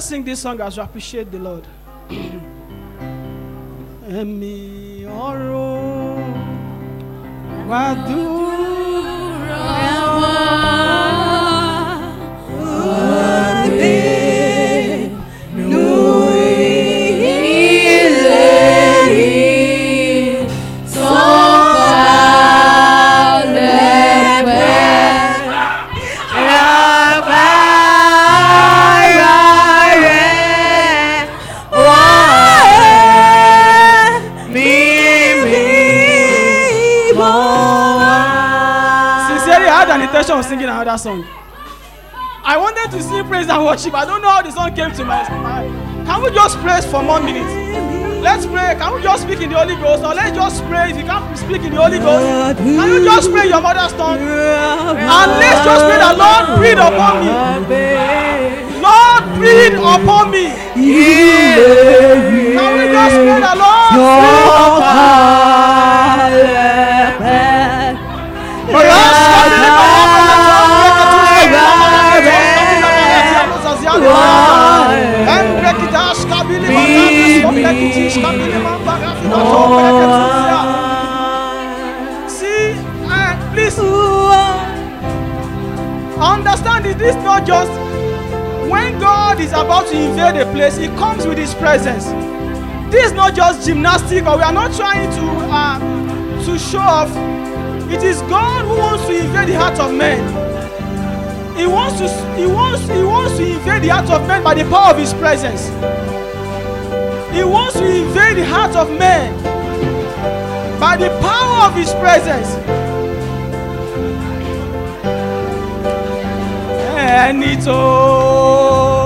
Let's sing this song as we appreciate the Lord. Ẹ̀mí ọ̀rọ̀ wàdúrà wọ́n. was singing another song. I wanted to sing praise and worship. I don't know how the song came to my mind. Can we just praise for one minute? Let's pray. Can we just speak in the Holy Ghost? Or let's just pray if you can't speak in the Holy Ghost. Can you just pray your mother's tongue? And let's just pray that Lord breathe upon me. Lord breathe upon me. Can we just pray that Lord breathe upon me? to invade a place, it comes with His presence. This is not just gymnastic, or we are not trying to uh, to show off. It is God who wants to invade the heart of men. He wants to He wants He wants to invade the heart of men by the power of His presence. He wants to invade the heart of men by the power of His presence. it's all.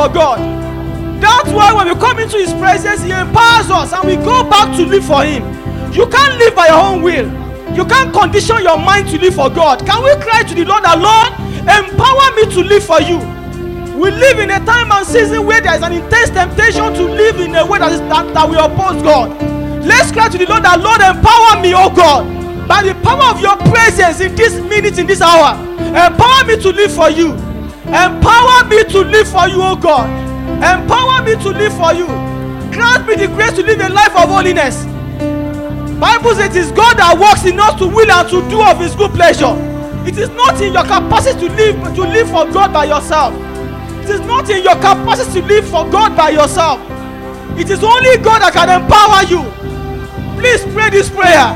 for God. That's why when we come into His presence, He empowers us and we go back to live for Him. You can't live by your own will, you can't condition your mind to live for God. Can we cry to the Lord, that Lord, empower me to live for you? We live in a time and season where there is an intense temptation to live in a way that, is, that, that we oppose God. Let's cry to the Lord that Lord empower me, oh God by the power of your presence in this minute, in this hour. Empower me to live for you. Empower me to live for you, O God. Empower me to live for you. Grant me the grace to live a life of holiness. Bible says it is God that works in us to will and to do of his good pleasure. It is not in your capacity to live to live for God by yourself. It is not in your capacity to live for God by yourself. It is only God that can empower you. Please pray this prayer.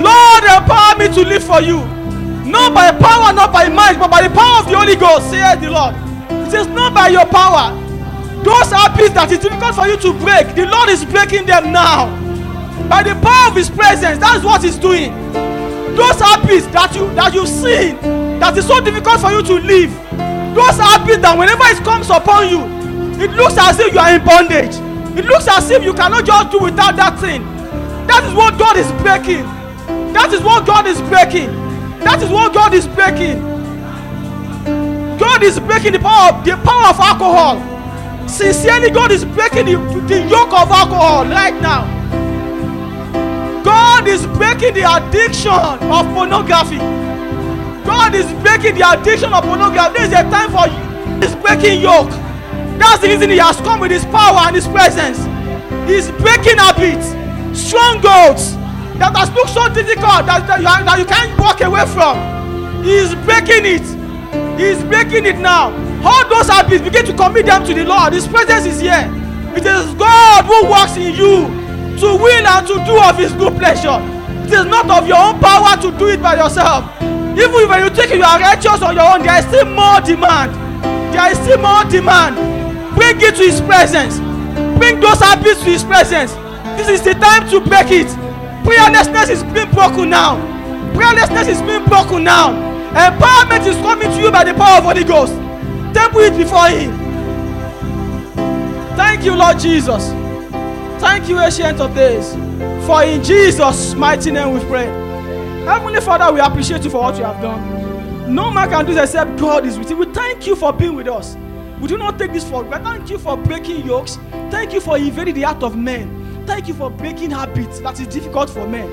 Lord, empower me to live for you. Not by power, not by might, but by the power of the Holy Ghost, saith the Lord. He says, Not by your power. Those habits that it's difficult for you to break, the Lord is breaking them now. By the power of His presence, that's what He's doing. Those habits that you that you've seen that is so difficult for you to leave, those habits that whenever it comes upon you, it looks as if you are in bondage. It looks as if you cannot just do without that thing. That is what God is breaking. That is what God is breaking. That is what God is breaking. God is breaking the power of the power of alcohol. Sincerely, God is breaking the, the yoke of alcohol right now. God is breaking the addiction of pornography. God is breaking the addiction of pornography. There is a time for you. He's breaking yoke. That's the reason he has come with his power and his presence. He's breaking habits, strongholds that has looked so difficult that, that, you, are, that you can't walk away from. He is breaking it. He is breaking it now. All those habits, begin to commit them to the Lord. His presence is here. It is God who works in you to will and to do of His good pleasure. It is not of your own power to do it by yourself. Even when you think you are righteous on your own, there is still more demand. There is still more demand. Bring it to His presence. Bring those habits to His presence. This is the time to break it. Prayerlessness is being broken now. Prayerlessness is being broken now. Empowerment is coming to you by the power of Holy Ghost. Temple it before Him. Thank you, Lord Jesus. Thank you, Ancient of Days. For in Jesus' mighty name we pray. Heavenly Father, we appreciate you for what you have done. No man can do this except God is with you. We thank you for being with us. We do not take this for granted. Thank you for breaking yokes. Thank you for invading the heart of men. Thank you for breaking habits that is difficult for men.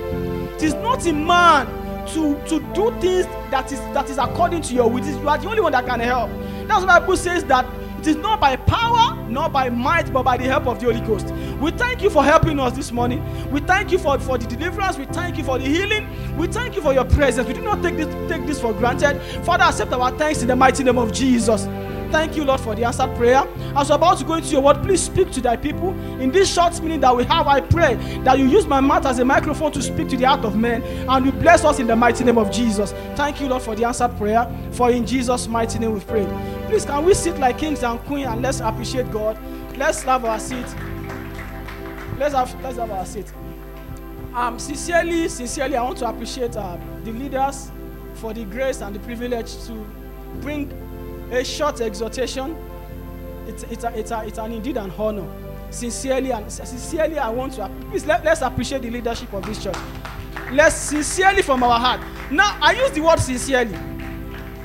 It is not in man to, to do things that is that is according to your will. You are the only one that can help. That's why Bible says that it is not by power, not by might, but by the help of the Holy Ghost. We thank you for helping us this morning. We thank you for, for the deliverance. We thank you for the healing. We thank you for your presence. We do not take this, take this for granted. Father, accept our thanks in the mighty name of Jesus thank you, Lord, for the answered prayer. As we're about to go into your word, please speak to thy people. In this short minute that we have, I pray that you use my mouth as a microphone to speak to the heart of men and you bless us in the mighty name of Jesus. Thank you, Lord, for the answered prayer. For in Jesus' mighty name we pray. Please, can we sit like kings and queens and let's appreciate God? Let's have our seat. Let's have, let's have our seat. Um, sincerely, sincerely, I want to appreciate uh, the leaders for the grace and the privilege to bring A short exhortation, it's, it's, a, it's, a, it's an indeed an honor. Sincerely, and sincerely, I want to please let, let's appreciate the leadership of this church. Let's sincerely from our heart. Now, I use the word sincerely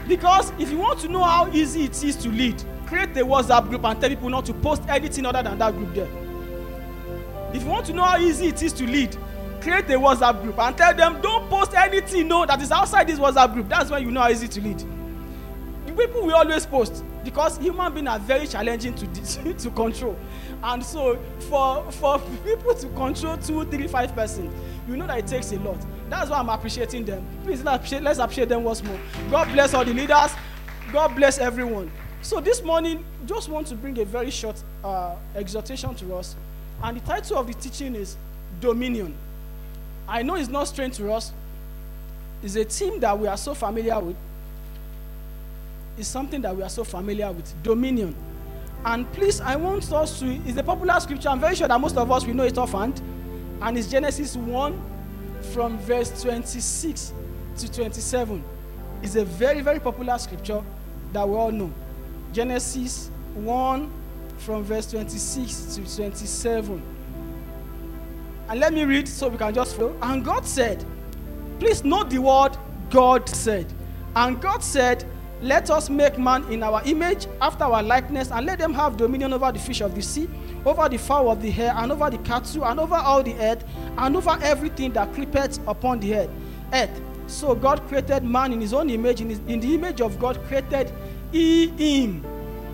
because if you want to know how easy it is to lead, create a WhatsApp group and tell people not to post anything other than that group there. If you want to know how easy it is to lead, create a WhatsApp group and tell them don't post anything no that is outside this WhatsApp group. That's when you know how easy to lead people will always post because human beings are very challenging to to control and so for for people to control two three five percent you know that it takes a lot that's why i'm appreciating them please let's appreciate, let's appreciate them once more god bless all the leaders god bless everyone so this morning just want to bring a very short uh, exhortation to us and the title of the teaching is dominion i know it's not strange to us it's a theme that we are so familiar with is something that we are so familiar with dominion. And please, I want us to, it's a popular scripture. I'm very sure that most of us, we know it offhand. And it's Genesis 1 from verse 26 to 27. It's a very, very popular scripture that we all know. Genesis 1 from verse 26 to 27. And let me read so we can just flow. And God said, Please note the word God said. And God said, Let us make man in our image, after our likeness, and let them have dominion over the fish of the sea, over the fowl of the air, and over the cattle, and over all the earth, and over everything that creepeth upon the earth. earth. So God created man in his own image, in, his, in the image of God created he him.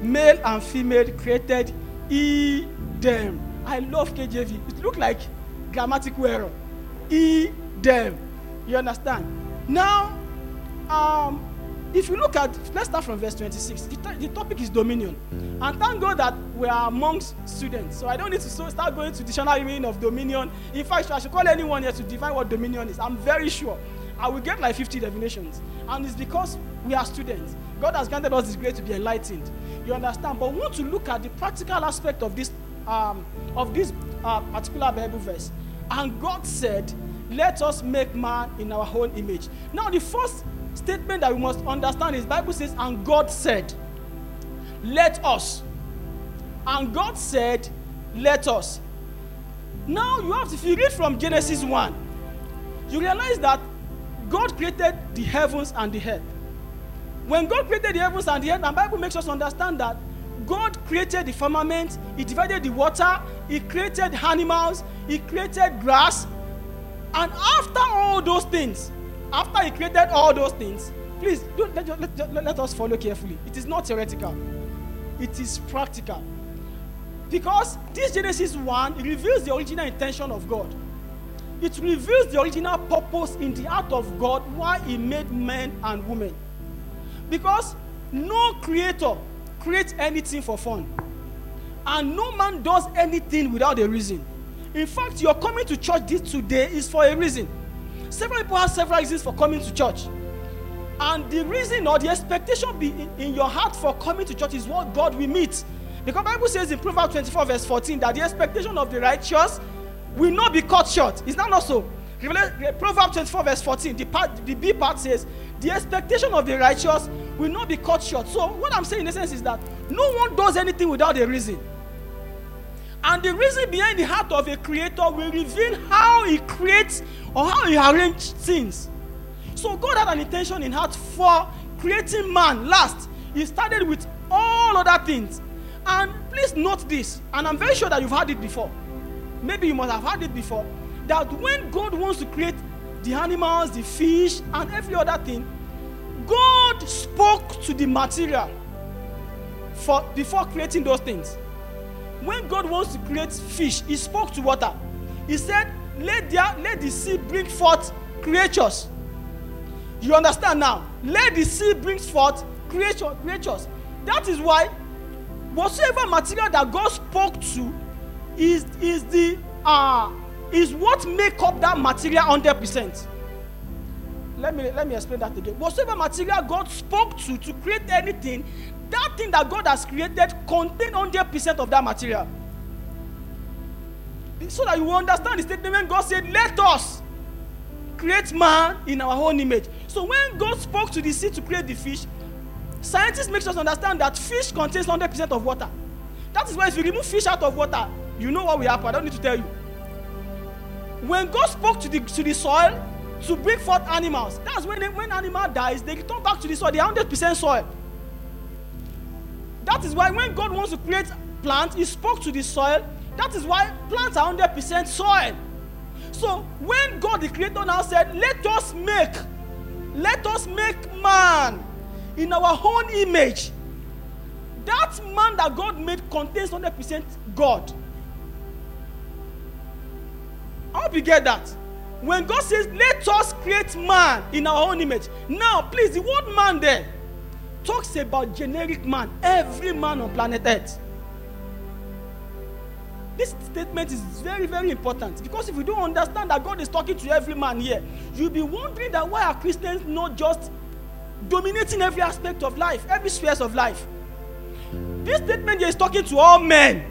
Male and female created he them. I love KJV. It looks like grammatical error. He them. You understand? Now, um, if you look at, let's start from verse 26. The, the topic is dominion. And thank God that we are amongst students. So I don't need to so start going to dictionary meaning of dominion. In fact, I should call anyone here to define what dominion is. I'm very sure. I will get like 50 definitions. And it's because we are students. God has granted us this grace to be enlightened. You understand? But we want to look at the practical aspect of this, um, of this uh, particular Bible verse. And God said, Let us make man in our own image. Now, the first statement that we must understand is Bible says, and God said, let us. And God said, let us. Now you have to, if you read from Genesis 1, you realize that God created the heavens and the earth. When God created the heavens and the earth, the Bible makes us understand that God created the firmament, He divided the water, He created animals, He created grass. And after all those things, after he created all those things, please don't, let, let, let, let us follow carefully. It is not theoretical, it is practical. Because this Genesis 1 reveals the original intention of God. It reveals the original purpose in the heart of God why He made men and women. Because no creator creates anything for fun. And no man does anything without a reason. In fact, your coming to church this today is for a reason. Several people have several reasons for coming to church. And the reason or the expectation be in, your heart for coming to church is what God will meet. Because Bible says in Proverbs 24, verse 14, that the expectation of the righteous will not be cut short. Is that not so? Proverbs 24, verse 14, the, part, the B part says, The expectation of the righteous will not be cut short. So, what I'm saying in essence is that no one does anything without a reason. And the reason behind the heart of a creator will reveal how he creates or how you arrange things. So God had an intention in heart for creating man last. He started with all other things. And please note this, and I'm very sure that you've heard it before. Maybe you must have heard it before. That when God wants to create the animals, the fish, and every other thing, God spoke to the material for, before creating those things. When God wants to create fish, He spoke to water. He said, let the, let the sea bring forth creatures. You understand now? Let the sea bring forth creature, creatures. That is why whatsoever material that God spoke to is, is the uh, is what make up that material 100%. Let me, let me explain that again. Whatsoever material God spoke to to create anything, that thing that God has created contain 100% of that material so that you will understand the statement God said, Let us create man in our own image. So when God spoke to the sea to create the fish, scientists make us understand that fish contains 100% of water. That is why if you remove fish out of water, you know what will happen. I don't need to tell you. When God spoke to the, to the soil to bring forth animals, that's when they, when animal dies, they return back to the soil, they 100% soil. That is why when God wants to create plants, He spoke to the soil That is why plants are 100% soil. So when God the Creator now said, Let us make, let us make man in our own image, that man that God made contains 100% God. I hope you get that. When God says, Let us create man in our own image. Now, please, the word man there talks about generic man, every man on planet Earth. This statement is very, very important because if you don't understand that God is talking to every man here, you'll be wondering that why are Christians not just dominating every aspect of life, every spheres of life? This statement is talking to all men,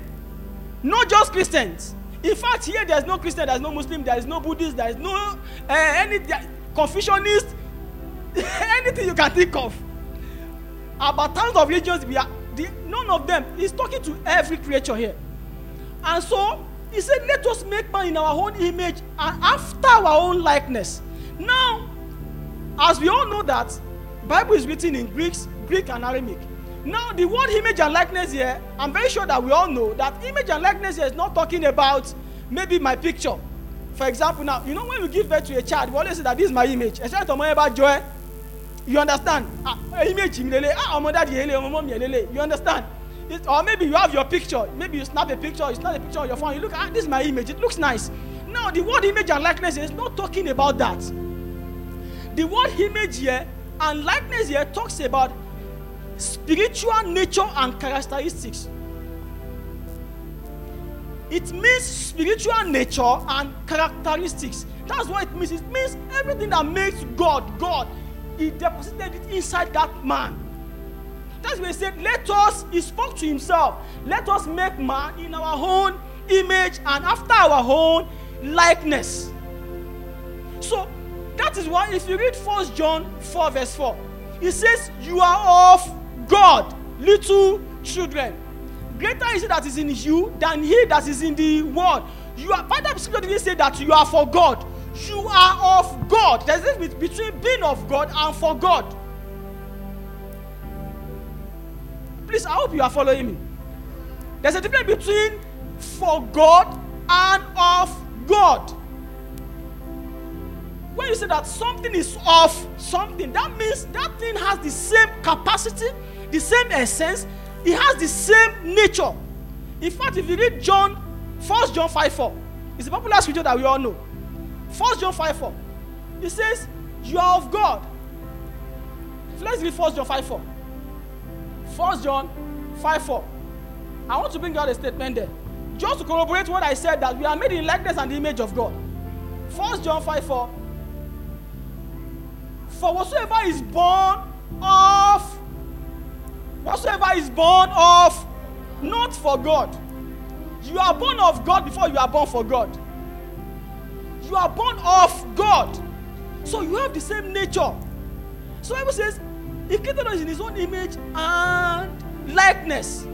not just Christians. In fact, here there is no Christian, there is no Muslim, there is no Buddhist, there is no uh, any Confucianist, anything you can think of. About tons of religions, we are the, none of them. is talking to every creature here. And so he said, Let us make man in our own image and after our own likeness. Now, as we all know that Bible is written in Greeks, Greek and Aramaic. Now, the word image and likeness here, I'm very sure that we all know that image and likeness here is not talking about maybe my picture. For example, now, you know, when we give birth to a child, we always say that this is my image. Except ọmọ ẹba about joy, You understand? Ah, image ah, You understand? It, or maybe you have your picture. Maybe you snap a picture. You snap a picture on your phone. You look, ah, this is my image. It looks nice. Now, the word image and likeness is not talking about that. The word image here and likeness here talks about spiritual nature and characteristics. It means spiritual nature and characteristics. That's what it means. It means everything that makes God, God, He deposited it inside that man. That's why he said, Let us, he spoke to himself, let us make man in our own image and after our own likeness. So that is why if you read 1 John 4, verse 4, it says, You are of God, little children. Greater is he that is in you than he that is in the world. You are Father Scripture didn't say that you are for God. You are of God. There's a difference between being of God and for God. Please, I hope you are following me. There's a difference between for God and of God. When you say that something is of something, that means that thing has the same capacity, the same essence, it has the same nature. In fact, if you read John, 1 John 5 4, it's a popular scripture that we all know. 1 John 5 4, it says, You are of God. So let's read 1 John 5 4. First John 5 4. I want to bring out a statement there. Just to corroborate what I said, that we are made in likeness and the image of God. First John 5 4. For whatsoever is born of, whatsoever is born of, not for God. You are born of God before you are born for God. You are born of God. So you have the same nature. So Bible says, He created us in His own image and likeness.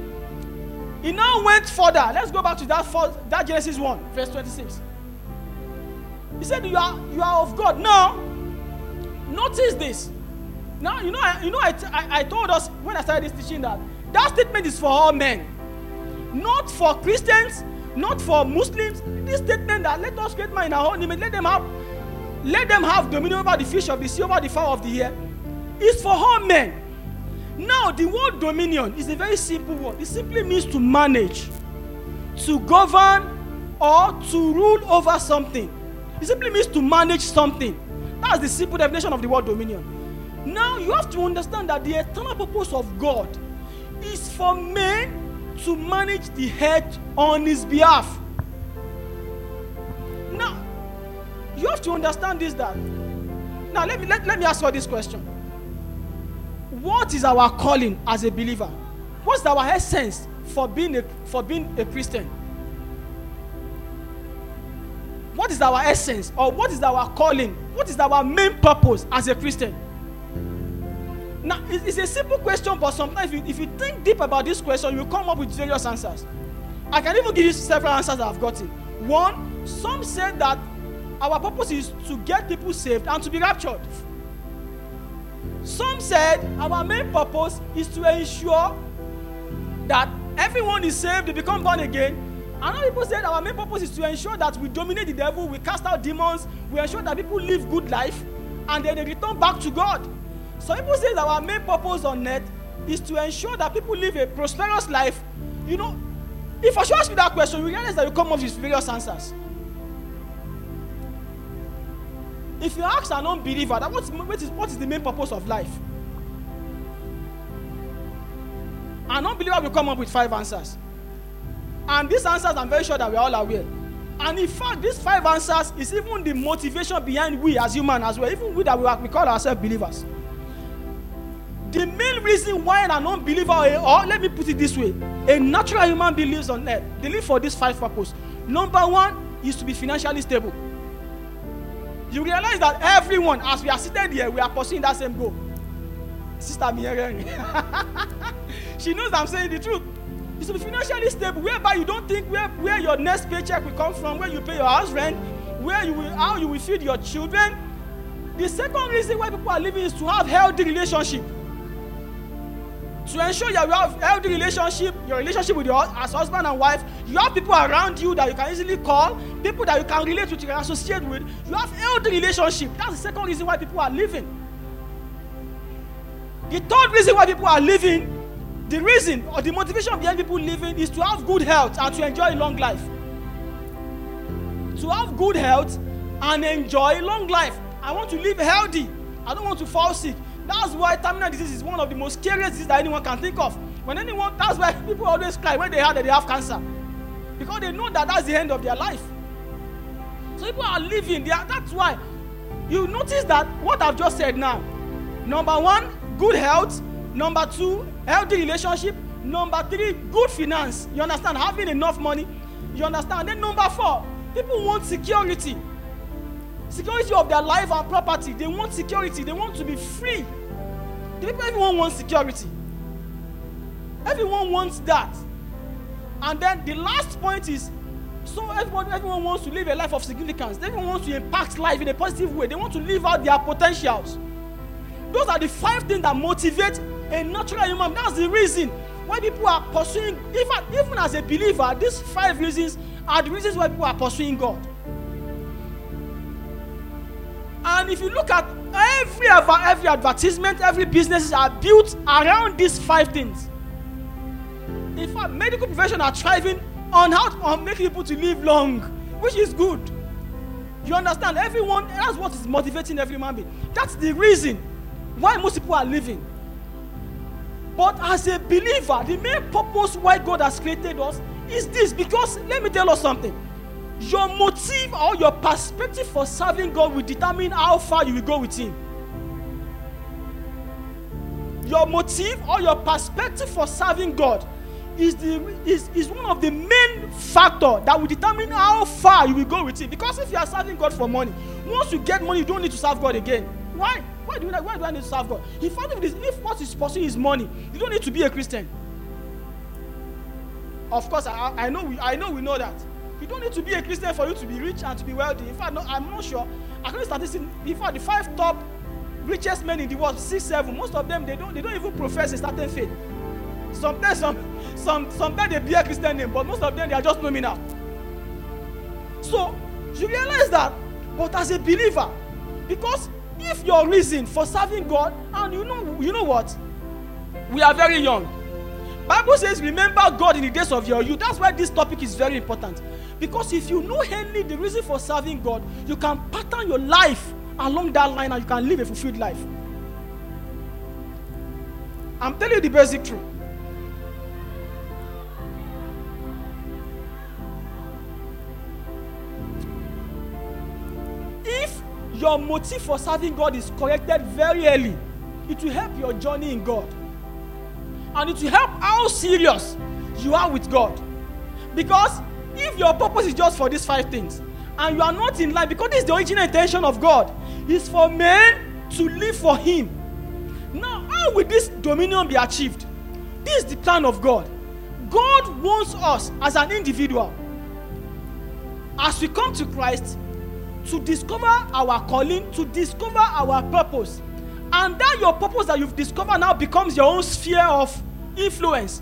He now went further. Let's go back to that, first, that Genesis 1, verse 26. He said, You are, you are of God. Now, notice this. Now, you know, I, you know I told us when I started this teaching that that statement is for all men, not for Christians, not for Muslims. This statement that let us create man in our own image, let them have, let them have dominion over the fish of the sea, over the fowl of the air is for all men. Now, the word dominion is a very simple word. It simply means to manage, to govern, or to rule over something. It simply means to manage something. That's the simple definition of the word dominion. Now, you have to understand that the eternal purpose of God is for men to manage the head on his behalf. Now, you have to understand this that. Now, let me, let, let me ask you this question what is our calling as a believer? What's our essence for being a, for being a Christian? What is our essence or what is our calling? What is our main purpose as a Christian? Now, it's a simple question, but sometimes if you, if you think deep about this question, you come up with various answers. I can even give you several answers I've gotten. One, some said that our purpose is to get people saved and to be raptured. Some said our main purpose is to ensure that everyone is saved, they become born again. Another people said our main purpose is to ensure that we dominate the devil, we cast out demons, we ensure that people live good life, and then they return back to God. Some people say that our main purpose on earth is to ensure that people live a prosperous life. You know, if I should ask you that question, you realize that you come up with various answers. If you ask an unbeliever that what, what, is, what is the main purpose of life, an unbeliever will come up with five answers. And these answers, I'm very sure that we're all aware. And in fact, these five answers is even the motivation behind we as human as well, even we that we, are, we call ourselves believers. The main reason why an unbeliever, or let me put it this way, a natural human being lives on earth, they live for these five purposes. Number one is to be financially stable you realize that everyone, as we are seated here, we are pursuing that same goal. Sister Miriam, she knows I'm saying the truth. You be financially stable, whereby you don't think where, where your next paycheck will come from, where you pay your house rent, where you will, how you will feed your children. The second reason why people are living is to have healthy relationship. to ensure that you have healthy relationship, your relationship with your as husband and wife, you have people around you that you can easily call, people that you can relate with, you can associate with. You have healthy relationship. That's the second reason why people are leaving. The third reason why people are leaving, the reason or the motivation behind people leaving is to have good health and to enjoy a long life. To have good health and enjoy long life. I want to live healthy. I don't want to fall sick. That's why terminal disease is one of the most serious diseases that anyone can think of. When anyone, that's why people always cry when they hear that they have cancer. Because they know that that's the end of their life. So people are living there. That's why you notice that what I've just said now. Number one, good health. Number two, healthy relationship. Number three, good finance. You understand? Having enough money. You understand? Then number four, people want security security of their life and property. They want security. They want to be free. People. Everyone wants security. Everyone wants that. And then the last point is so everyone, everyone wants to live a life of significance. Everyone wants to impact life in a positive way. They want to live out their potentials. Those are the five things that motivate a natural human. That's the reason why people are pursuing, even, even as a believer, these five reasons are the reasons why people are pursuing God. And if you look at every every advertisement, every businesses are built around these five things. In fact, medical profession are thriving on how to make people to live long, which is good. You understand? Everyone, that's what is motivating every man being. That's the reason why most people are living. But as a believer, the main purpose why God has created us is this because let me tell us something. Your motive or your perspective for serving God will determine how far you will go with Him. Your motive or your perspective for serving God is, the, is, is one of the main factor that will determine how far you will go with Him. Because if you are serving God for money, once you get money, you don't need to serve God again. Why? Why do, you, why do I need to serve God? If fact, if, this, if what is pursuing is money, you don't need to be a Christian. Of course, I, I, know, we, I know we know that. You don't need to be a Christian for you to be rich and to be wealthy. In fact, no, I'm not sure. According to statistics, in fact, the five top richest men in the world, six, seven, most of them they don't they don't even profess a certain faith. Sometimes some some sometimes they bear Christian name, but most of them they are just nominal. So you realize that, but as a believer, because if your reason for serving God, and you know you know what, we are very young Bible says, remember God in the days of your youth. That's why this topic is very important. Because if you know only the reason for serving God, you can pattern your life along that line and you can live a fulfilled life. I'm telling you the basic truth. If your motive for serving God is corrected very early, it will help your journey in God and it will help how serious you are with God. Because if your purpose is just for these five things and you are not in line, because this is the original intention of God, is for men to live for Him. Now, how will this dominion be achieved? This is the plan of God. God wants us as an individual, as we come to Christ, to discover our calling, to discover our purpose. And that your purpose that you've discovered now becomes your own sphere of influence.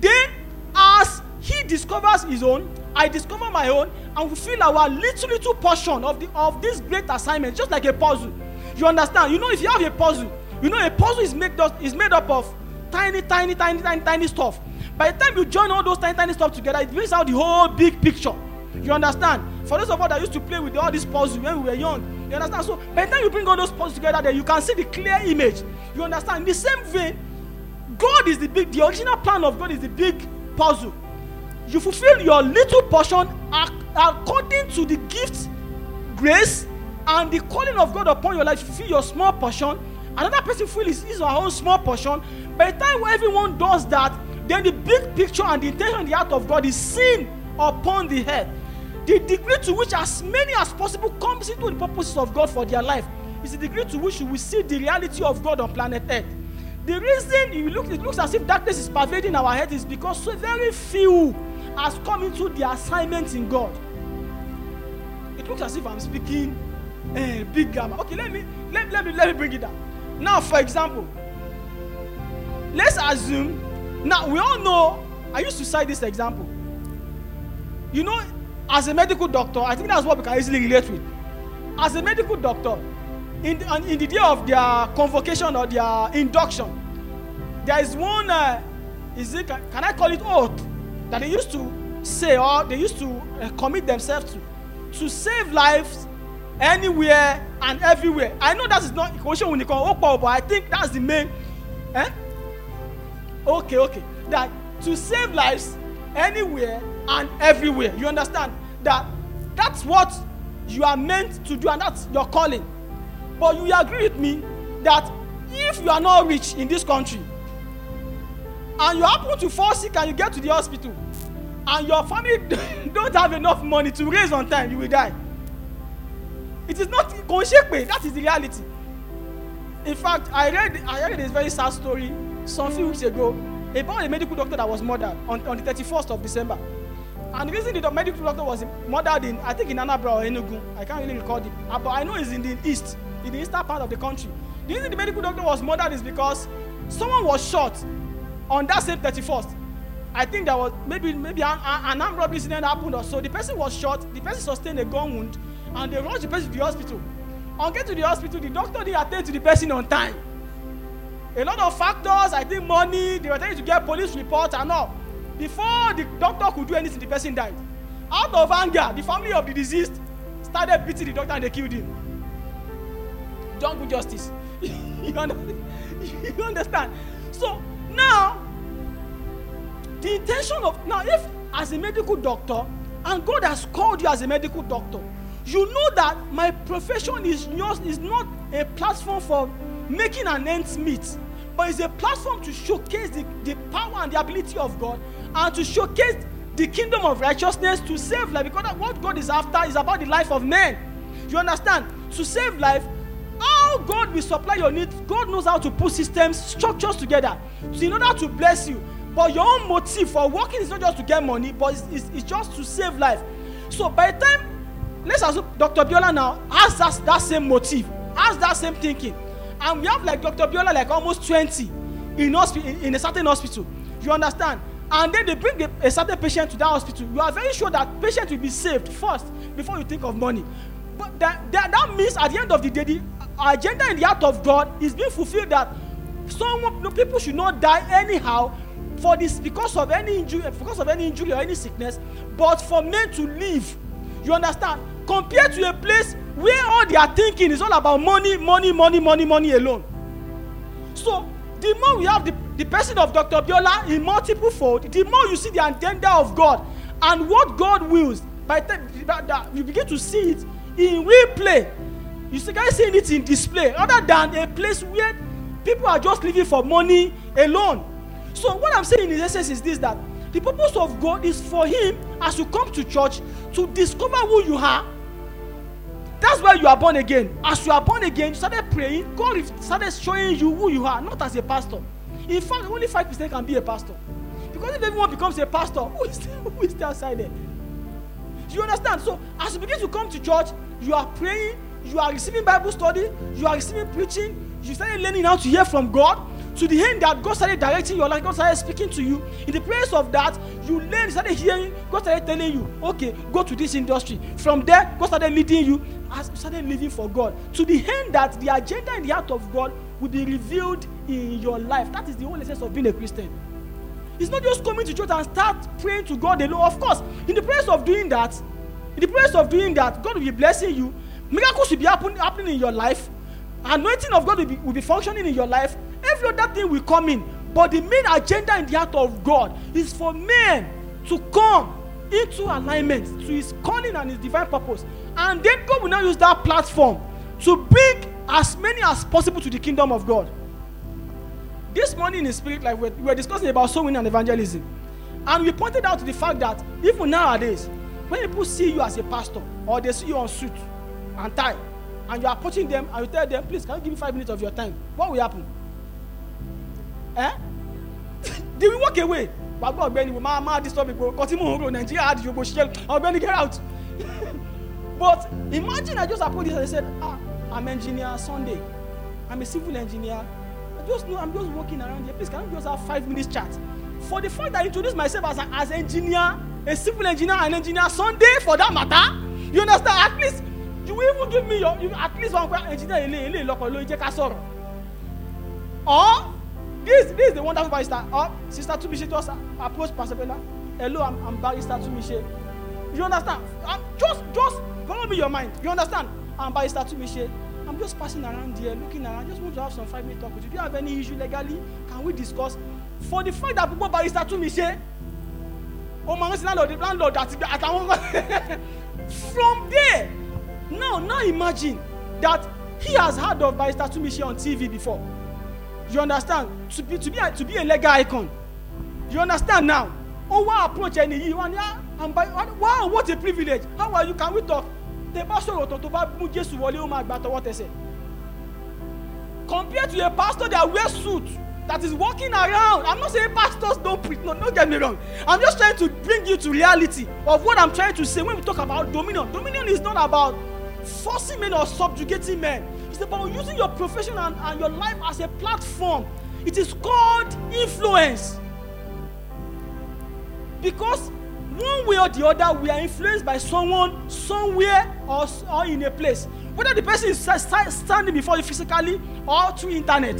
Then, as he discovers his own, I discover my own, and we fill our little, little portion of, the, of this great assignment, just like a puzzle. You understand? You know, if you have a puzzle, you know, a puzzle is made, up, is made up of tiny, tiny, tiny, tiny, tiny stuff. By the time you join all those tiny, tiny stuff together, it brings out the whole big picture. You understand? For those of us that used to play with all these puzzles when we were young, You understand? So by the time you bring all those points together, there you can see the clear image. You understand? In the same way, God is the big, the original plan of God is the big puzzle. You fulfill your little portion according to the gift, grace, and the calling of God upon your life. You fulfill your small portion. Another person fulfill his, or her own small portion. By the time everyone does that, then the big picture and the intention in the heart of God is seen upon the head the degree to which as many as possible comes into the purposes of God for their life is the degree to which we see the reality of God on planet Earth. The reason you look, it looks as if darkness is pervading our head is because so very few has come into the assignment in God. It looks as if I'm speaking uh, big grammar. Okay, let me let, let me let me bring it down. Now, for example, let's assume. Now we all know. I used to cite this example. You know, as a medical doctor, I think that's what we can easily relate with. As a medical doctor, in the, in the day of their convocation or their induction, there is one, uh, is it, can I call it oath, that they used to say or they used to uh, commit themselves to, to save lives anywhere and everywhere. I know that is not question when you call but I think that's the main. Eh? Okay, okay. That to save lives anywhere and everywhere. You understand that that's what you are meant to do and that's your calling. But you agree with me that if you are not rich in this country and you happen to fall sick and you get to the hospital and your family don't have enough money to raise on time, you will die. It is not Konshepe, that is the reality. In fact, I read I read this very sad story some few weeks ago about a medical doctor that was murdered on, on the 31st of December. And the reason the medical doctor was murdered in, I think in Anambra or Enugu, I can't really recall it, uh, but I know it's in the east, in the eastern part of the country. The reason the medical doctor was murdered is because someone was shot on that same 31st. I think there was maybe maybe an, an armed robbery incident happened or so. The person was shot, the person sustained a gun wound, and they rushed the person to the hospital. On getting to the hospital, the doctor didn't attend to the person on time. A lot of factors, I think money, they were trying to get police report and all. Before the doctor could do anything, the person died. Out of anger, the family of the deceased started beating the doctor and they killed him. Don't do justice. you, understand? you understand? So now, the intention of now, if as a medical doctor, and God has called you as a medical doctor, you know that my profession is yours is not a platform for making an ends meet but it's a platform to showcase the, the power and the ability of God and to showcase the kingdom of righteousness to save life because what God is after is about the life of men. You understand? To save life, how God will supply your needs, God knows how to put systems, structures together in order to bless you. But your own motive for working is not just to get money, but it's, it's, it's just to save life. So by the time, let's assume Dr. Biola now has that, that same motive, has that same thinking. And we have like Doctor Biola, like almost twenty in, hospi- in a certain hospital. You understand? And then they bring a, a certain patient to that hospital. You are very sure that patient will be saved first before you think of money. But that, that, that means at the end of the day, the agenda in the heart of God is being fulfilled that someone, people should not die anyhow for this because of any injury, because of any injury or any sickness, but for men to live. You understand? Compared to a place where all they are thinking is all about money, money, money, money, money alone. So the more we have the, the person of Dr. Biola in multiple fold, the more you see the agenda of God and what God wills. By that, time you begin to see it in real play, you see guys seeing it in display other than a place where people are just living for money alone. So what I'm saying in essence is this that the purpose of God is for him as you come to church to discover who you are That's why you are born again. As you are born again, you started praying. God started showing you who you are, not as a pastor. In fact, only five percent can be a pastor. Because if everyone becomes a pastor, who is, who is still outside there? Do you understand? So, as you begin to come to church, you are praying, you are receiving Bible study, you are receiving preaching, you started learning how to hear from God, to the end that God started directing your life, God started speaking to you. In the place of that, you learned, started hearing, God started telling you, okay, go to this industry. From there, God started leading you as you started living for God. To the end that the agenda in the heart of God will be revealed in your life. That is the whole essence of being a Christian. It's not just coming to church and start praying to God alone. Of course, in the place of doing that, in the place of doing that, God will be blessing you. Miracles will be happen, happening in your life. Anointing of God will be, will be functioning in your life. Every other thing will come in. But the main agenda in the heart of God is for men to come into alignment to His calling and His divine purpose. And then God will now use that platform to bring as many as possible to the kingdom of God. This morning in Spirit Life, we were discussing about soul winning and evangelism. And we pointed out the fact that even nowadays, when people see you as a pastor or they see you on suit and tie, and you are approaching them and you tell them, please, can you give me five minutes of your time? What will happen? ẹ́ did we walk away wà gbọ́ ọ̀gbẹ́ni wò máa máa disturb ipò kan tí mò ń rò nàìjíríà àdìjọ bó ṣiṣẹ́ ọ̀gbẹ́ni get out but imagine I just approach this and I said ah I'm engineer Sunday I'm a civil engineer I just know I'm just walking around here please can we just have five minutes chat for the fact that I introduce myself as an as engineer a civil engineer and engineer Sunday for that matter you understand at least you will even give me your you, at least one engineer ele ele lọkọ ló jẹ ká sọ̀rọ̀ or. This, this is the wonderful barrister. Oh, Sister Tumiche just uh, approached Pastor Bella. Hello, I'm, I'm barrister Tumiche. You understand? I'm just, just follow me your mind. You understand? I'm barrister Tumiche. I'm just passing around here, looking around. Just want to have some five minute talk with you. Do you have any issue legally? Can we discuss? For the fact that people barrister Tumiche, oh my God, landlord, landlord, that from there. Now, now imagine that he has heard of barrister Tumiche on TV before you understand to be to be a, to be a legal icon you understand now ó oh, wá approach ẹni yìí wọ́n ní àǹbá wow what a privilege how are you can we talk tẹ bá sọ̀rọ̀ tó tó bá mú Jésù wọlé ó máa gbà tọwọ́ tẹsẹ̀ compared to a pastor that wear suit that is walking around i'm not saying pastors don't preach no no get me wrong i'm just trying to bring you to reality of what i'm trying to say when we talk about dominion dominion is not about forcing men or subjugating men It's about using your profession and, and your life as a platform. It is called influence. Because one way or the other, we are influenced by someone, somewhere, or, or in a place. Whether the person is standing before you physically or through internet.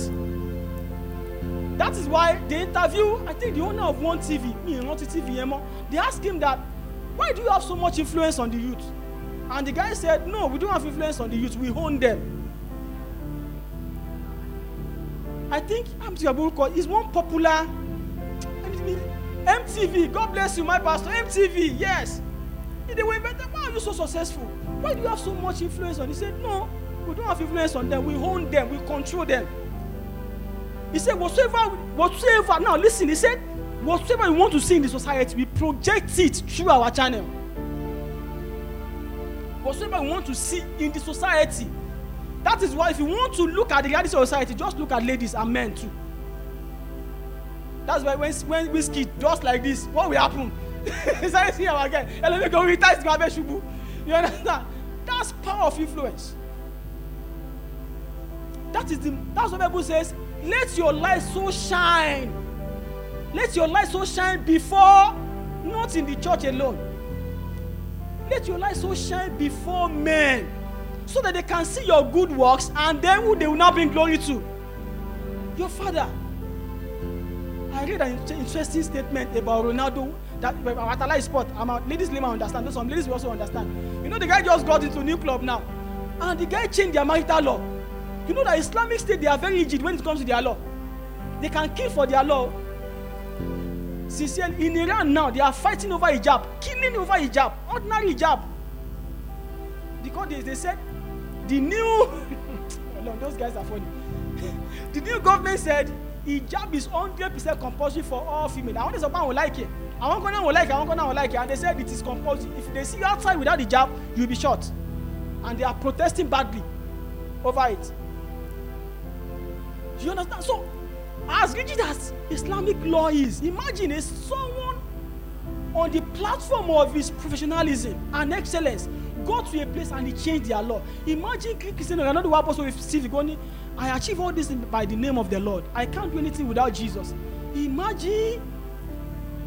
That is why the interview, I think the owner of One TV, me and One TV, they asked him that, why do you have so much influence on the youth? And the guy said, no, we don't have influence on the youth, we own them. I think MTV is one popular MTV. God bless you, my pastor. MTV, yes. They were invented. Why are you so successful? Why do you have so much influence on? He said, No, we don't have influence on them. We own them. We control them. He said, Whatsoever, whatsoever. Now listen. He said, Whatsoever you want to see in the society, we project it through our channel. Whatsoever we want to see in the society, That is why if you want to look at the reality of society, just look at ladies and men too. That's why when, when whiskey does like this, what will happen? Sorry, see again. Elemi go retire to Abe You understand? That's power of influence. That is the that's what Bible says. Let your light so shine. Let your light so shine before, not in the church alone. Let your light so shine before men so that they can see your good works and then who they will now bring glory to? Your father. I read an interesting statement about Ronaldo that Atala is sport. I'm a, ladies may understand. Some ladies will also understand. You know, the guy just got into a new club now. And the guy changed their marital law. You know that Islamic State, they are very rigid when it comes to their law. They can kill for their law. Sincerely, in Iran now, they are fighting over hijab, killing over hijab, ordinary hijab. Because they, they said the new those guys are funny the new government said hijab is hundred percent compulsory for all female àwọn ẹ̀sọ́ pé àwọn like it àwọn kan náà wọ́n like it àwọn kan náà wọ́n like it and they said it is compulsory if they see you outside without hijab you will be shot and they are protesting badly over it you understand so as rigid as islamic law is imagine a someone on the platform of his professionalism and excellence go to a place and he changed their law imagine christian another one person with civic only i achieve all this by the name of the lord i can't do anything without jesus imagine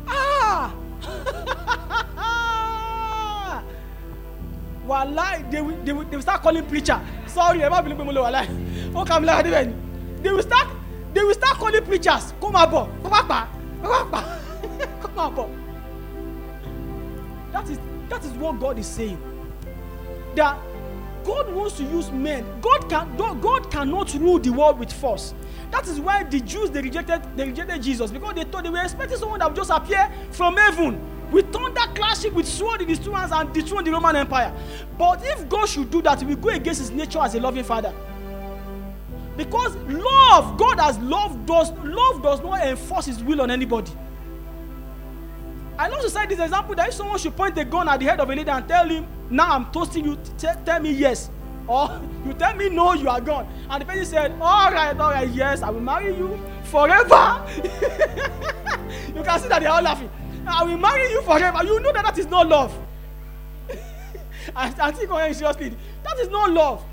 ah Walai, they will they will they will start calling preacher sorry I'm not believing pé Walai, lè wallahi ó they will start they will start calling preachers Come máa come kó come pa come máa that is that is what God is saying that God wants to use men. God can God cannot rule the world with force. That is why the Jews they rejected they rejected Jesus because they thought they were expecting someone that would just appear from heaven with thunder clashing with sword in his two hands and dethrone the Roman Empire. But if God should do that, we go against his nature as a loving father. Because love, God has loved us. Love does not enforce his will on anybody. I know to cite this example that if someone should point a gun at the head of a leader and tell him, now I'm toasting you, t- tell me yes. Or you tell me no, you are gone. And the person said, all right, all right, yes, I will marry you forever. you can see that they are all laughing. I will marry you forever. You know that that is not love. I, I think on seriously, that is not love.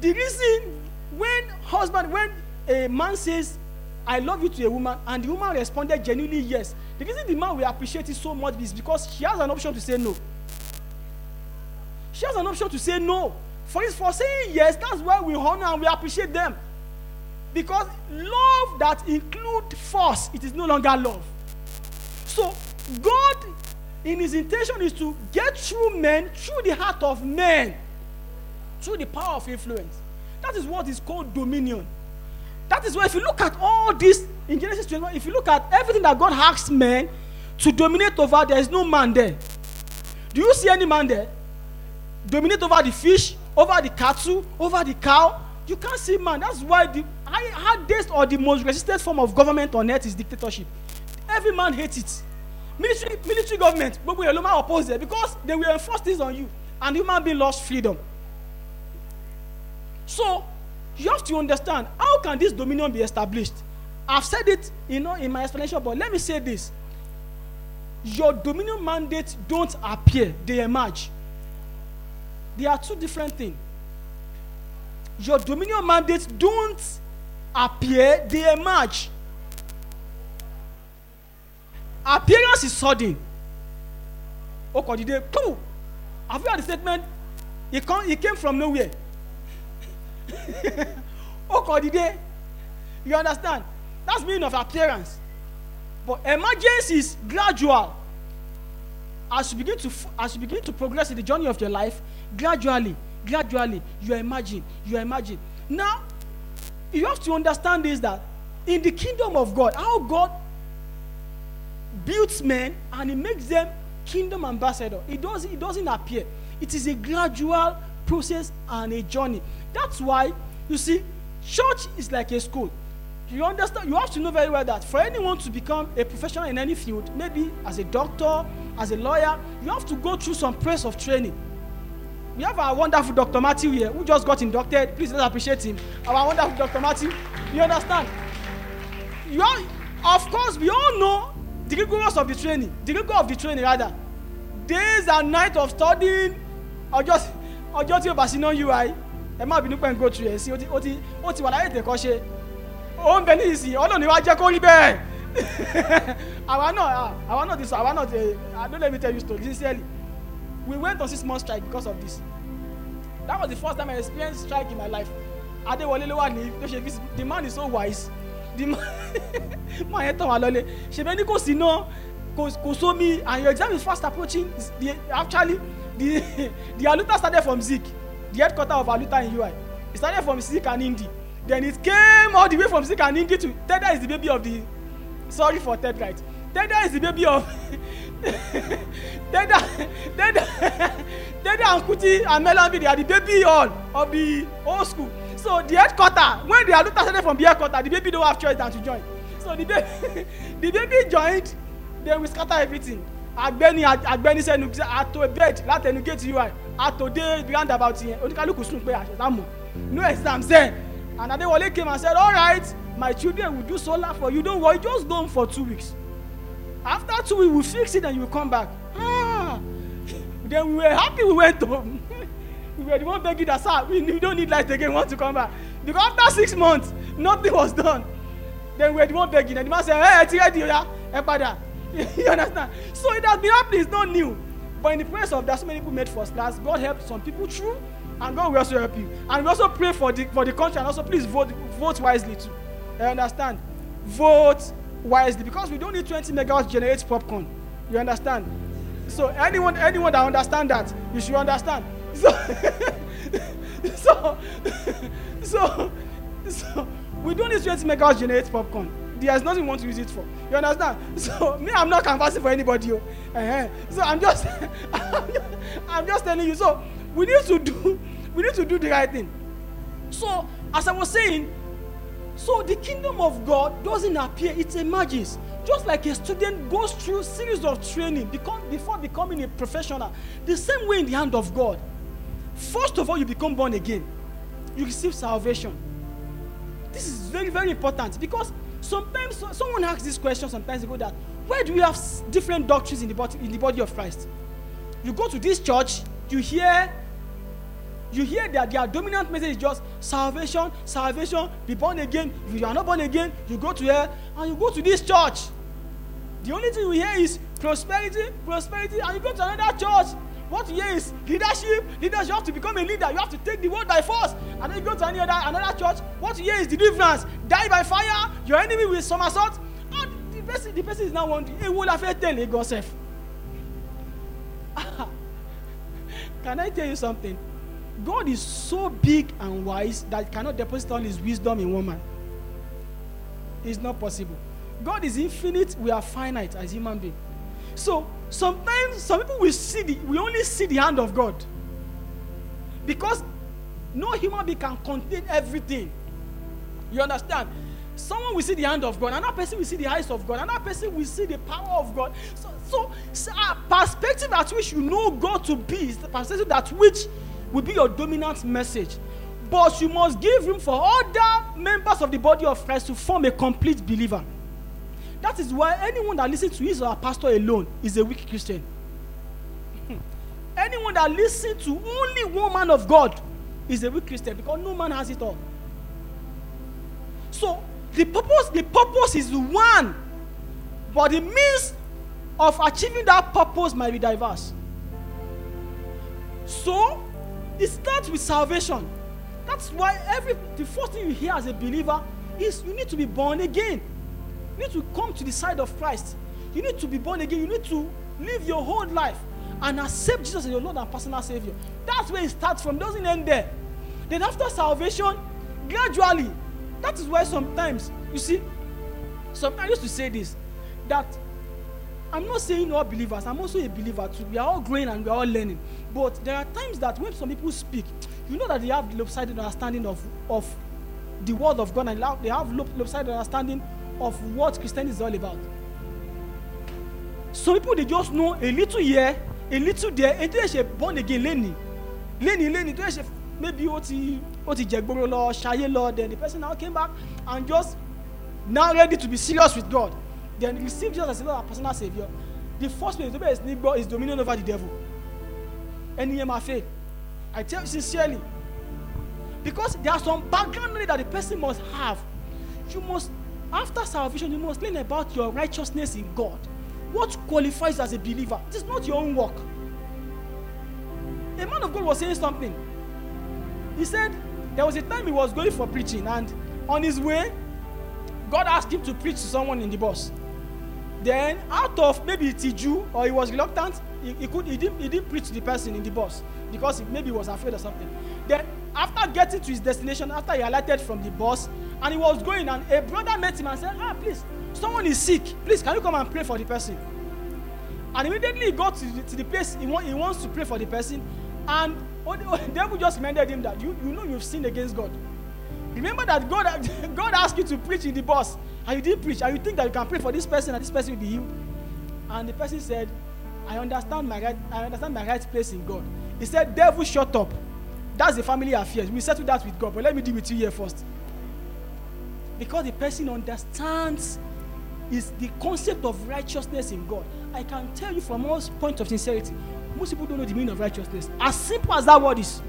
The reason when husband, when a man says I love you to a woman, and the woman responded genuinely yes. The reason the man will appreciate it so much is because she has an option to say no. She has an option to say no. For, for saying yes, that's why we honor and we appreciate them. Because love that includes force, it is no longer love. So God, in his intention, is to get through men, through the heart of men, through the power of influence. That is what is called dominion. That is why, if you look at all this in Genesis 21, if you look at everything that God asks men to dominate over, there is no man there. Do you see any man there? Dominate over the fish, over the cattle, over the cow. You can't see man. That's why the hardest or the most resistant form of government on earth is dictatorship. Every man hates it. Military, military government, but we are not opposed there because they will enforce this on you, and human being lost freedom. So you have to understand how can this dominion be established i've said it you know in my explanation but let me say this your dominion mandate don't appear they emerge they are two different things your dominion mandate don't appear they emerge appearance is sudden okodide poo have you heard the statement He come He came from nowhere day. You understand? That's meaning of appearance. But emergence is gradual. As you begin to as you begin to progress in the journey of your life, gradually, gradually, you are emerging. You are emerging. Now, you have to understand this that in the kingdom of God, how God builds men and he makes them kingdom ambassador. It does it doesn't appear. It is a gradual process and a journey. That's why, you see, church is like a school. You understand? You have to know very well that for anyone to become a professional in any field, maybe as a doctor, as a lawyer, you have to go through some place of training. We have our wonderful Dr. Matthew here who just got inducted. Please let's appreciate him. Our wonderful Dr. Matthew. You understand? You are, of course, we all know the rigorous of the training, the rigor of the training rather. Days and nights of studying, or just, or just your Basino UI ẹ má bínú pẹ́ ń go through ẹ̀ sí ó ti wà láyé tẹ̀kọ́ ṣe ó ń bẹ ní ìsìn ọlọ́ọ̀ni wá jẹ́ kó rí bẹ́ẹ̀ àwa náà àwa náà ti sọ àwa náà ti no let me tell you story sincerely we went on six month strike because of this that was the first time I experienced strike in my life Adéwọlé ló wà ní ló ṣe visit the man is so wise the man man yẹn tàn wá lọlé ṣèbẹ ní kò sí náà kò sómi and your exam is fast approaching the actually the the aluta started from Zeke the headquarter of aluta in ui it started from sikanindi then it came all the way from sikanindi to teda is the baby of the sorry for ted right teda is the baby of teda teda teda and kuti and melambi they are the baby all of the old school so the headquarter when the aluta started from the headquarter the baby don't have choice than to join so the baby the baby joined then we scatter everything agbẹni agbẹnisẹnu ato bed látẹnu gate ui àtòdé roundabout yẹn oníkálukú sùn pé àṣetàmù no exam sẹ and Adéwọlé came and said all right my children will do solar for you don't worry just go home for two weeks after two weeks we fix it and you come back ah then we were happy we went home we were the one begging that sir we, we don't need light again we want to come back because after six months nothing was done then we were the one begging and the man said hey eh, ẹ ti ready oya ẹ padà you understand so it has been happening it's not new But in the prayers of that so many people made first class, God helped some people through, and God will also help you. And we also pray for the for the country, and also please vote vote wisely too. You understand? Vote wisely because we don't need 20 megawatts to generate popcorn. You understand? So anyone anyone that understand that, you should understand. So so so so we don't need 20 megawatts to generate popcorn. There's nothing you want to use it for. You understand? So me, I'm not canvassing for anybody. Uh-huh. So I'm just, I'm just, telling you. So we need to do, we need to do the right thing. So as I was saying, so the kingdom of God doesn't appear; it emerges. Just like a student goes through series of training before becoming a professional, the same way in the hand of God. First of all, you become born again. You receive salvation. This is very, very important because Sometimes someone asks this question sometimes ago, that where do we have different doctrines in the body, in the body of Christ? You go to this church, you hear you hear that their dominant message is just salvation, salvation, be born again. If you are not born again, you go to hell and you go to this church. The only thing we hear is prosperity, prosperity, and you go to another church What year is leadership, leaders, you have to become a leader, you have to take the world by force. And then you go to any other another church, what year is deliverance, die by fire, your enemy will somersault. And oh, the person, the person is now wondering, hey, what have I tell yourself? Can I tell you something? God is so big and wise that cannot deposit all his wisdom in one man. It's not possible. God is infinite, we are finite as human beings. So Sometimes some people will see the we only see the hand of God. Because no human being can contain everything. You understand? Someone will see the hand of God, another person will see the eyes of God, another person will see the power of God. So, so, so ah, perspective at which you know God to be is the perspective that which will be your dominant message. But you must give room for other members of the body of Christ to form a complete believer. That is why anyone that listens to his or her pastor alone is a weak Christian. anyone that listens to only one man of God is a weak Christian because no man has it all. So the purpose, the purpose is one, but the means of achieving that purpose might be diverse. So it starts with salvation. That's why every the first thing you hear as a believer is you need to be born again. You need to come to the side of Christ. You need to be born again. You need to live your whole life and accept Jesus as your Lord and personal Savior. That's where it starts from, doesn't end there. Then, after salvation, gradually, that is why sometimes, you see, sometimes I used to say this that I'm not saying all believers, I'm also a believer too. We are all growing and we are all learning. But there are times that when some people speak, you know that they have lopsided understanding of, of the word of God and they have lopsided understanding of what Christianity is all about. Some people they just know a little here, a little there, and they ṣe born again Lenny, Lenny, Lenny. tó ṣe maybe ó ti ó ti jẹ Lord, lọ ṣayé then the person now came back and just now ready to be serious with God then receive Jesus as a personal savior. the first place to be ní gbọ́ is dominion over the devil ẹni yẹn I tell you sincerely because there are some background knowledge that the person must have you must After salvation, you must learn about your righteousness in God. What qualifies as a believer? It is not your own work. A man of God was saying something. He said there was a time he was going for preaching, and on his way, God asked him to preach to someone in the bus. Then, out of maybe Tiju or he was reluctant, he, he, could, he, didn't, he didn't preach to the person in the bus because he maybe was afraid or something after getting to his destination, after he alighted from the bus, and he was going, and a brother met him and said, Ah, please, someone is sick. Please, can you come and pray for the person? And immediately he got to the, to the place he, want, he wants to pray for the person, and oh, the devil just reminded him that you, you know you've sinned against God. Remember that God, God asked you to preach in the bus, and you didn't preach, and you think that you can pray for this person and this person will be healed. And the person said, I understand my right, I understand my right place in God. He said, Devil, shut up. That's the family affairs. We settle that with God, but let me deal with you here first. Because the person understands is the concept of righteousness in God. I can tell you from all point of sincerity, most people don't know the meaning of righteousness. As simple as that word is.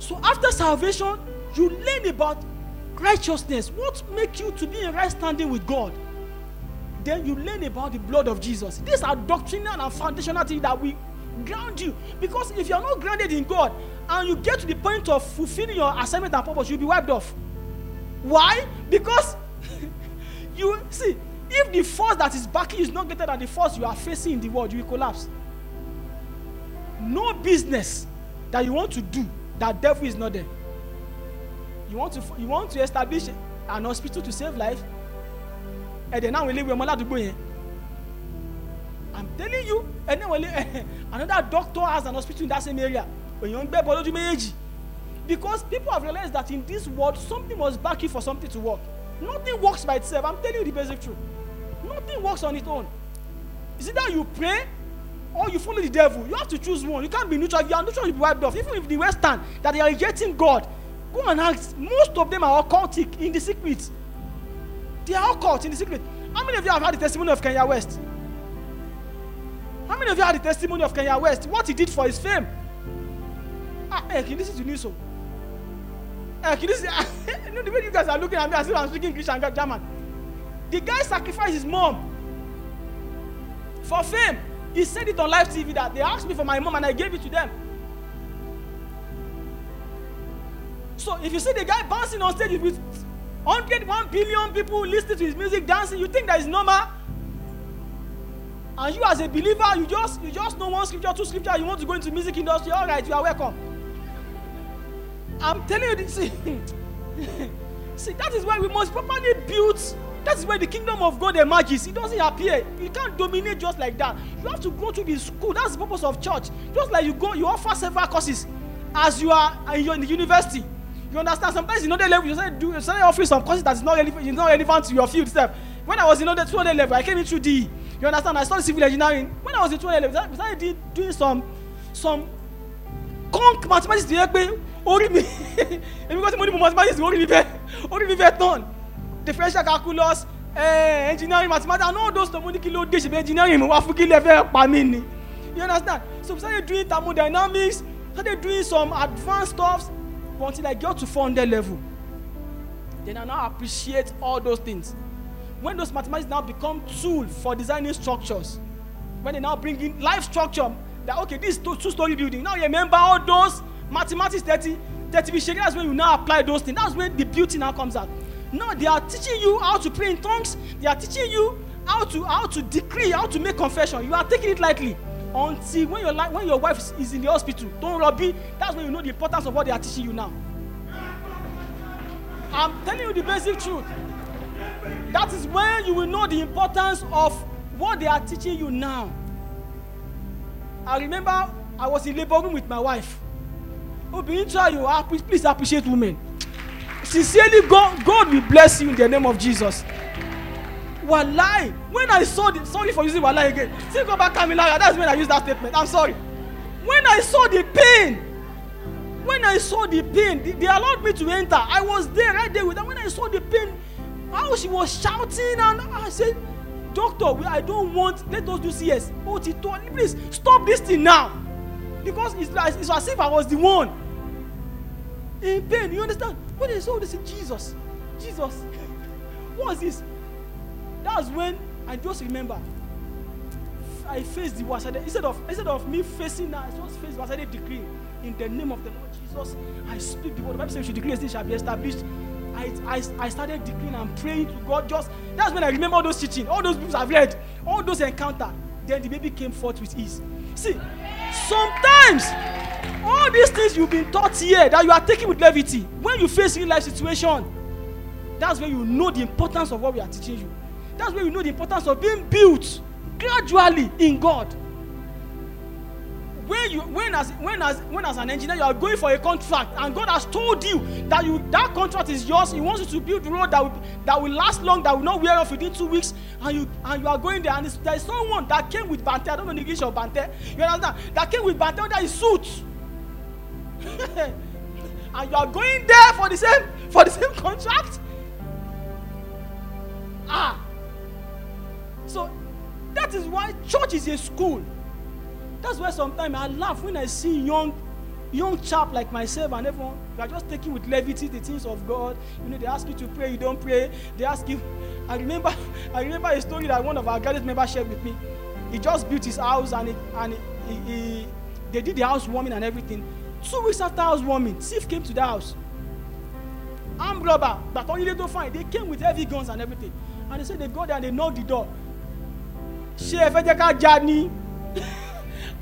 So after salvation, you learn about righteousness. What makes you to be in right standing with God? Then you learn about the blood of Jesus. These are doctrinal and foundational things that we ground you. Because if you are not grounded in God and you get to the point of fulfilling your assignment and purpose, you'll be wiped off. Why? Because you see, if the force that is backing you is not greater than the force you are facing in the world, you will collapse. No business that you want to do that devil is not there. You want to you want to establish an hospital to save life. And then now we live with go here i'm telling you anyone, eh, another doctor has an hospital in that same area èèyàn ń gbẹ́ bọ́ lójú méjèèjì because people have realized that in this world something must back you for something to work nothing works by itself i'm telling you the basic truth nothing works on its own is it that you pray or you follow the devil you have to choose one you can't be neutral if you are neutral you be wiped off even if the western that they are rejecting god go and ask most of them are occultic in the secret they are occult in the secret how many of you have had the testimony of kenya west How many of you had the testimony of Kenya West? What he did for his fame? Ah, hey, can you listen to news? So? Hey, can you listen? you know, the way you guys are looking at me as if I'm speaking English and German. The guy sacrificed his mom for fame. He said it on live TV that they asked me for my mom and I gave it to them. So if you see the guy bouncing on stage with 101 billion people listening to his music, dancing, you think that is normal? And you as a believer, you just you just know one scripture, two scripture, you want to go into music industry, all right, you are welcome. I'm telling you this. See, see, that is why we must properly build. That is where the kingdom of God emerges. It doesn't appear. You can't dominate just like that. You have to go to the school. That's the purpose of church. Just like you go, you offer several courses as you are in, uh, your, in the university. You understand? Sometimes in other level, you say do you say offering some courses that is not relevant, is not relevant to your field. Step. When I was in other two other level, I came into the You understand? I saw the civil engineering. When I was in 2011, I did, doing some some conk mathematics to help me, orí mi, èmi kò sí mo ní mo mathematics orí mi fẹ́ orí mi fẹ́ tán. Differential calculus, eh, engineering mathematics and all those tó mo ní kí ló dé ṣe engineering mo wá fún kí lè fẹ́ pa mí ni. You understand? So besides doing thermodynamics, started doing some advanced stuffs until I got to 400 level. Then I now appreciate all those things when those mathematics now become tool for designing structures when they now bring in life structure that okay this two, two story building now you remember all those mathematics thirty thirty be shaking that's when you now apply those things that's when the beauty now comes out now they are teaching you how to pray in tongues they are teaching you how to how to decree how to make confession you are taking it lightly until when your life when your wife is, in the hospital Don't rubby that's when you know the importance of what they are teaching you now i'm telling you the basic truth That is when you will know the importance of what they are teaching you now. I remember I was in labor room with my wife. Obìnrin try you please, appreciate women. Sincerely God God will bless you in the name of Jesus. Walai when I saw the sorry for using walai again still go back Kamilara that's when I used that statement I'm sorry. When I saw the pain when I saw the pain they allowed me to enter I was there right there with them when I saw the pain how she was shouting and ah, I said doctor I don't want let us do CS ó oh, ti tó please stop this thing now because it's like it's as if I was the one in pain you understand when they saw this Jesus Jesus what is this that's when I just remember I faced the Wasade instead of instead of me facing her I just faced Wasade decree in the name of the Lord Jesus I speak the word the Bible says we should this shall be established I, I, I started declaring and praying to God. Just that's when I remember all those teaching, all those books I've read, all those encounters. Then the baby came forth with ease. See, sometimes all these things you've been taught here that you are taking with levity, when you face real life situation, that's when you know the importance of what we are teaching you. That's when you know the importance of being built gradually in God. when you when as when as when as an engineer you are going for a contract and god has told you that you that contract is yours he wants you to build road that will that will last long that will not wear off within two weeks and you and you are going there and there is someone that came with bante i don't know the english of bante you understand that came with bante under his suit and you are going there for the same for the same contract ah so that is why church is a school That's why sometimes I laugh when I see young young chap like myself and everyone they are just taking with levity the things of god you know they ask you to pray you don't pray they ask you i remember i remember a story that one of our graduate members shared with me he just built his house and he and he, he, he they did the house warming and everything two weeks after house warming thief came to the house armed robber but only they don't find they came with heavy guns and everything and they said they go there and they knock the door ṣé ẹ fẹ́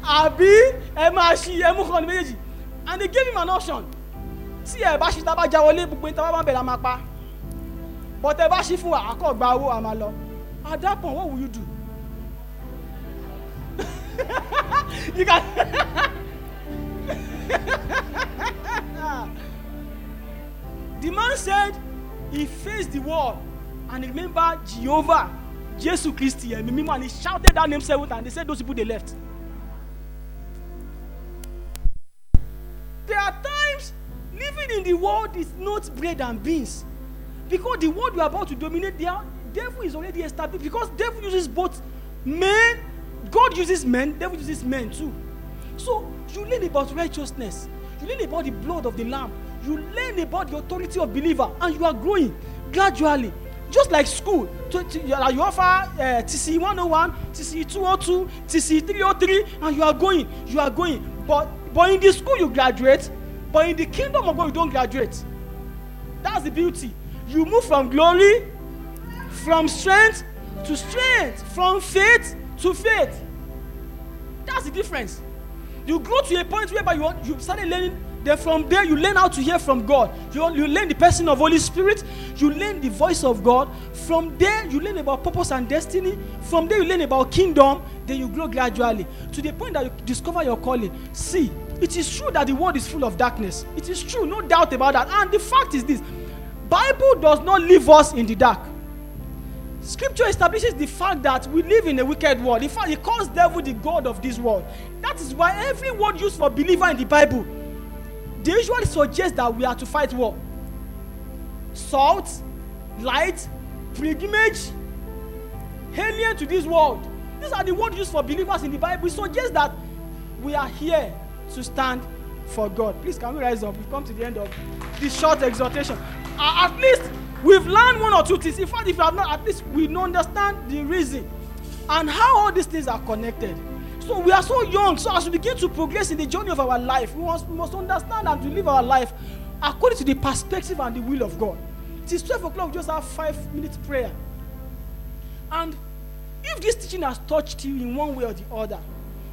àbí ẹ máa ṣí ẹ mú kan ní méjèèjì and they gave him an option tí ẹ bá ṣe tá a bá já wọlé gbogbo ìta bá bá bẹ̀rẹ̀ a máa pa but ẹ bá ṣí fún wa àkọ́ gba owó a máa lọ at that what will you do you can the man said he faced the wall and he remembered Jehovah Jesu Christi ẹ̀mí mímọ́ and he shouted that name seven times they said those people they left. in the world is not bread and beans. Because the world you are about to dominate, the devil is already established. Because devil uses both men, God uses men, devil uses men too. So you learn about righteousness, you learn about the blood of the lamb, you learn about the authority of believer, and you are growing gradually. Just like school, to, to, uh, you offer uh, TC 101, TC 202, TC 303, and you are going, you are going. But but in the school you graduate, But in the kingdom of God, you don't graduate. That's the beauty. You move from glory, from strength to strength, from faith to faith. That's the difference. You grow to a point whereby you, you started learning then from there you learn how to hear from god you, you learn the person of holy spirit you learn the voice of god from there you learn about purpose and destiny from there you learn about kingdom then you grow gradually to the point that you discover your calling see It is true that the world is full of darkness. It is true, no doubt about that. And the fact is this Bible does not leave us in the dark. Scripture establishes the fact that we live in a wicked world. In fact, it calls devil the god of this world. That is why every word used for believer in the Bible, they usually suggest that we are to fight war. Salt, light, pilgrimage, alien to this world. These are the words used for believers in the Bible. It suggests that we are here to stand for God. Please, can we rise up? We've come to the end of this short exhortation. Uh, at least we've learned one or two things. In fact, if you have not, at least we understand the reason and how all these things are connected. So we are so young. So as we begin to progress in the journey of our life, we must, we must understand and to live our life according to the perspective and the will of God. It is 12 o'clock, we just have five minutes prayer. And if this teaching has touched you in one way or the other,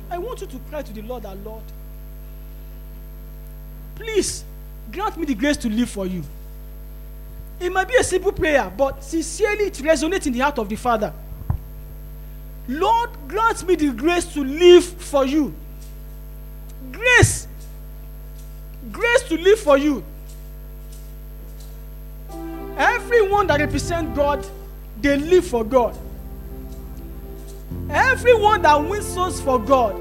I want you to cry to the Lord, our Lord, Please grant me the grace to live for you. It might be a simple prayer, but sincerely it resonates in the heart of the Father. Lord, grant me the grace to live for you. Grace. Grace to live for you. Everyone that represent God, they live for God. Everyone that wins souls for God,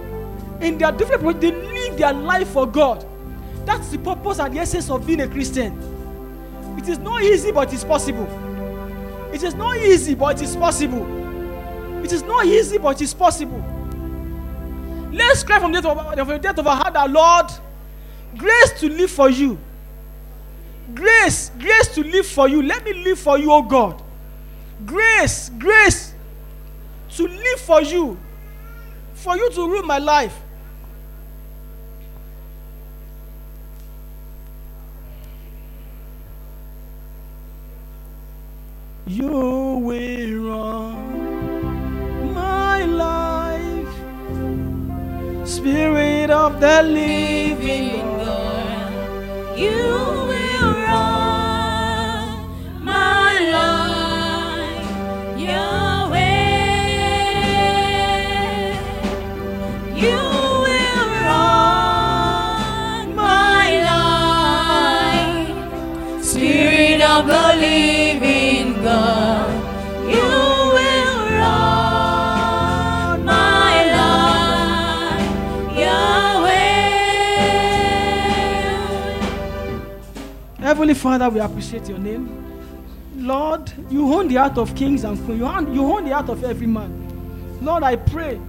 in their different way, they live their life for God. That's the purpose and the essence of being a Christian. It is not easy, but it's possible. It is not easy, but it's possible. It is not easy, but it's possible. Let's cry from the depth of our heart that Lord, grace to live for you. Grace, grace to live for you. Let me live for you, oh God. Grace, grace to live for you. For you to rule my life. your way around my life. Spirit of the living God, you Father, we appreciate your name. Lord, you own the heart of kings and queens. You own, you own the heart of every man. Lord, I pray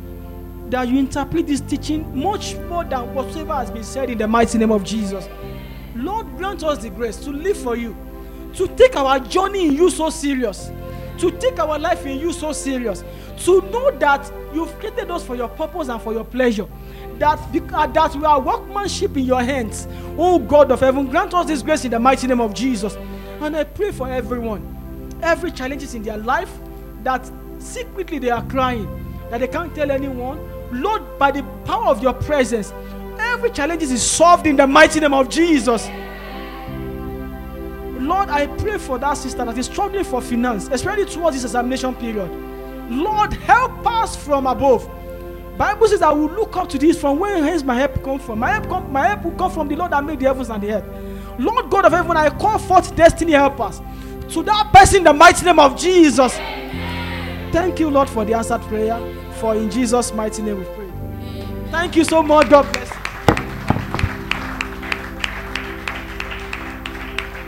that you interpret this teaching much more than whatsoever has been said in the mighty name of Jesus. Lord, grant us the grace to live for you, to take our journey in you so serious, to take our life in you so serious, to know that you've created us for your purpose and for your pleasure, that, uh, that we are workmanship in your hands. Oh God of heaven, grant us this grace in the mighty name of Jesus. And I pray for everyone, every challenges in their life that secretly they are crying, that they can't tell anyone. Lord, by the power of your presence, every challenge is solved in the mighty name of Jesus. Lord, I pray for that sister that is struggling for finance, especially towards this examination period. Lord, help us from above Bible says, I will look up to this from where hence my help come from. My help, come, my help will come from the Lord that made the heavens and the earth. Lord God of heaven, I call forth destiny helpers. To that person, the mighty name of Jesus. Thank you, Lord, for the answered prayer. For in Jesus' mighty name we pray. Thank you so much. God bless you.